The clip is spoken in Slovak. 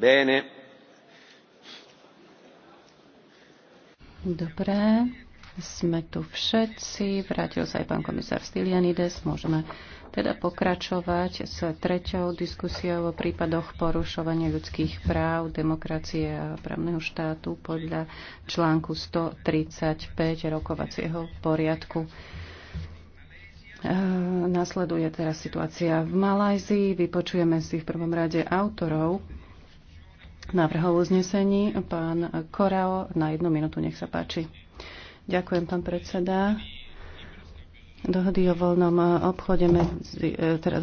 Bene. Dobre, sme tu všetci. Vrátil sa aj pán komisár Stylianides. Môžeme teda pokračovať s treťou diskusiou o prípadoch porušovania ľudských práv, demokracie a právneho štátu podľa článku 135 rokovacieho poriadku. Ehm, nasleduje teraz situácia v Malajzii. Vypočujeme si v prvom rade autorov návrhov uznesení. Pán Korao, na jednu minútu, nech sa páči. Ďakujem, pán predseda. Dohody o voľnom obchode medzi, teda